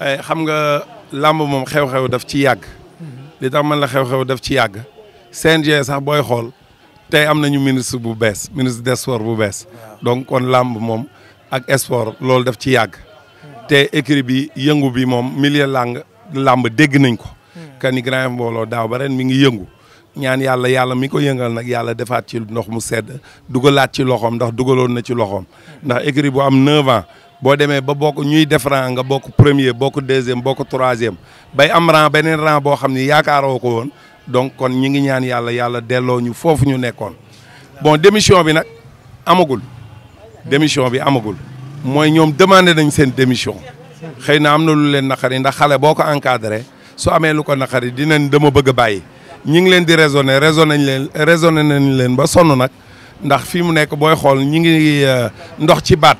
Eh, xam nga làmb moom xew-xew def ci yàgg. li tax man la xew-xew def ci yàgg. CNG sax booy xool tey am nañu ministre bu bees ministre des sports bu bees. donc kon làmb moom ak sport loolu def ci yàgg. te écrit bi yëngu bi moom milieu làng làmb dégg nañ ko. kan ni grand mbooloo daaw ba ren mi ngi yëngu. ñaan yàlla yàlla mi ko yëngal nag yàlla defaat ci ndox mu sedd dugalaat ci loxoom ndax dugaloon na ci loxoom. Hmm. ndax écrit am 9 ans. boo demee ba bokk ñuy def rang nga bokk premier bokk deuxième bokk troisième bay am rang beneen rang boo xam ni yaakaaroo ko woon donc kon ñi ngi ñaan yàlla yàlla delloo ñu foofu ñu nekkoon bon démission bi nag amagul démission bi amagul mooy ñoom demandé nañ seen démission xëy na am na lu leen naqari ndax xale boo ko encadré su amee lu ko naqari dinañ dama bëgg a bàyyi ñi ngi leen di raisonné raisonné nañ leen raisonné nañ leen ba sonn nag ndax fi mu nekk booy xool ñi ngi euh, ndox ci baat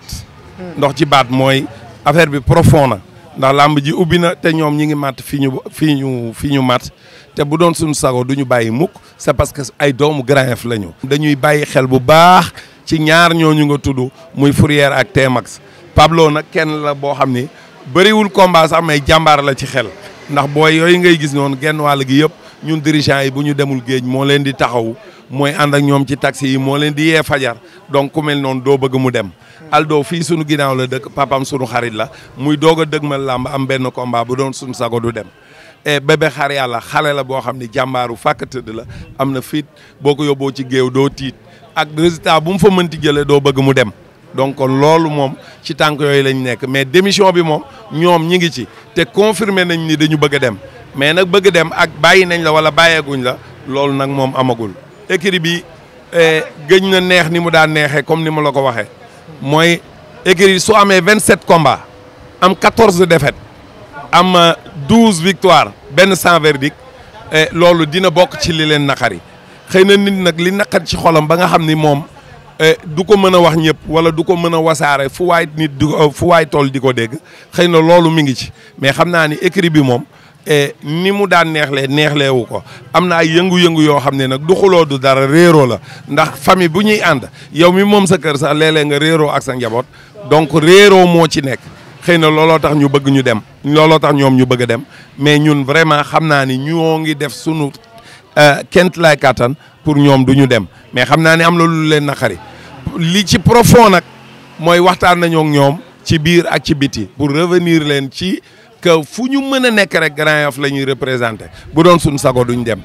ndox ci baat mooy affaire bi profond na ndax làmb ji ubbi na te ñoom ñi ngi mat fii ñu fii ñu fii ñu màtt te bu doon suñu sago du ñu bàyyi muk c'est parce que ay doomu graef la ñu dañuy bàyyi xel bu baax ci ñaar ñu nga tudd muy fourier ak Tmax Pablo nag kenn la boo xam ni bëriwul combat sax may jàmbaar la ci xel ndax boo yooyu ngay gis noonu genn wàll gi yëpp ñun dirigeant yi bu ñu demul géej moo leen di taxaw mooy ànd ak ñoom ci taxi yi moo leen di yee fajar donc ku noonu doo bëgg mu dem. Aldo fii sunu ginnaaw la dëkk papam sunu xarit la muy doog a dëgmal làmb am benn combat bu doon sunu sago du dem. e bébé xar yàlla xale la boo xam ni jàmbaaru fàkk tëdd la am na fit boo ko yóbboo ci géew doo tiit ak résultat bu mu fa mënti jëlee doo bëgg mu dem donc kon loolu moom ci tànk yooyu lañu nekk mais démission bi moom ñoom ñi ngi ci te confirmé nañ ni dañu bëgg a dem mais nag bëgg dem ak bàyyi nañ la wala bàyyeeguñ la loolu nag moom amagul. écurie bi eh, gëj na neex ni mu daan neexee comme ni ma la ko waxee mooy écurie su amee vingt sept combats am quatorze défaites am euh, douze victoires benn sans verdict eh, loolu dina bokk ci li leen naqari xëy na nit nag li naqar ci xolam ba nga xam ni moom eh, du ko mën a wax ñëpp wala du ko mën a wasaare fu waay nit tool di ko dégg xëy na loolu mi ngi ci mais xam naa ni écurie bi moom E ni mu daan neexlee neexlewu ko am na ay yëngu-yëngu yoo xam ne nag du xuloo du dara réeroo la ndax famille bu ñuy ànd yow mi moom sa kër sax léeg-léeg nga réeroo ak sa njaboot donc réeroo moo ci nekk xëy na looloo tax ñu bëgg ñu dem looloo tax ñoom ñu bëgg a dem mais ñun vraiment xam naa ni ñoo ngi def sunu e, kent lay kàttan pour ñoom du ñu dem mais xam naa ne am na lu leen naqari li ci profond nag mooy waxtaan nañook ñoom ci biir ak ci biti pour revenir leen ci que fu ñu mën a nekk rek Grand Yoff la ñuy représenté bu doon suñu sago ñu dem.